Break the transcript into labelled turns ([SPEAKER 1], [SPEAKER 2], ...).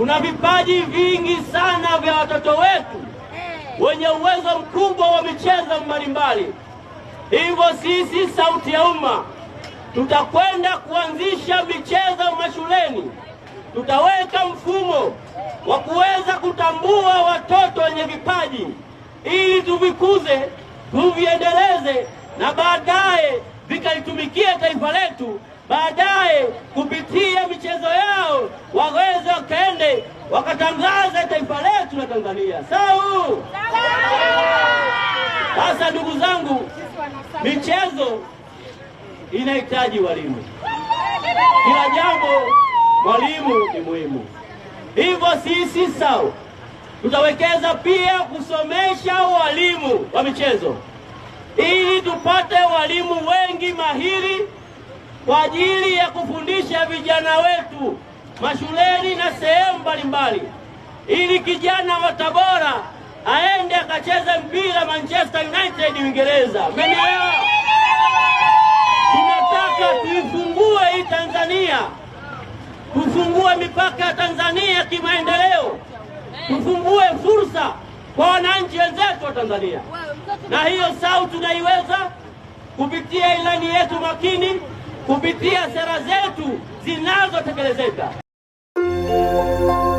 [SPEAKER 1] Kuna vipaji vingi sana vya watoto wetu eh. wenye uwezo mkubwa wa michezo mbalimbali. Hivyo sisi Sauti ya Umma tutakwenda kuanzisha michezo mashuleni. Tutaweka mfumo wa kuweza kutambua watoto wenye vipaji ili tuvikuze, tuviendeleze na baadaye vikalitumikia taifa letu, baadaye kupitia michezo yao wakatangaza taifa letu la Tanzania sau. Sasa ndugu zangu, michezo inahitaji walimu, kila jambo mwalimu ni muhimu. Hivyo sisi sau tutawekeza pia kusomesha walimu wa michezo ili tupate walimu wengi mahiri kwa ajili ya kufundisha vijana wetu mashuleni na sehemu mbalimbali ili kijana wa Tabora aende akacheze mpira Manchester United Uingereza. Mmenielewa? Tunataka tuifungue hii Tanzania, tufungue mipaka ya Tanzania kimaendeleo, tufungue fursa kwa wananchi wenzetu wa Tanzania, na hiyo SAU tunaiweza kupitia ilani yetu makini, kupitia sera zetu zinazotekelezeka. you